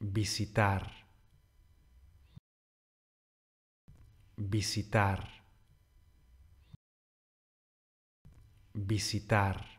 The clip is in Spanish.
visitar, visitar, visitar.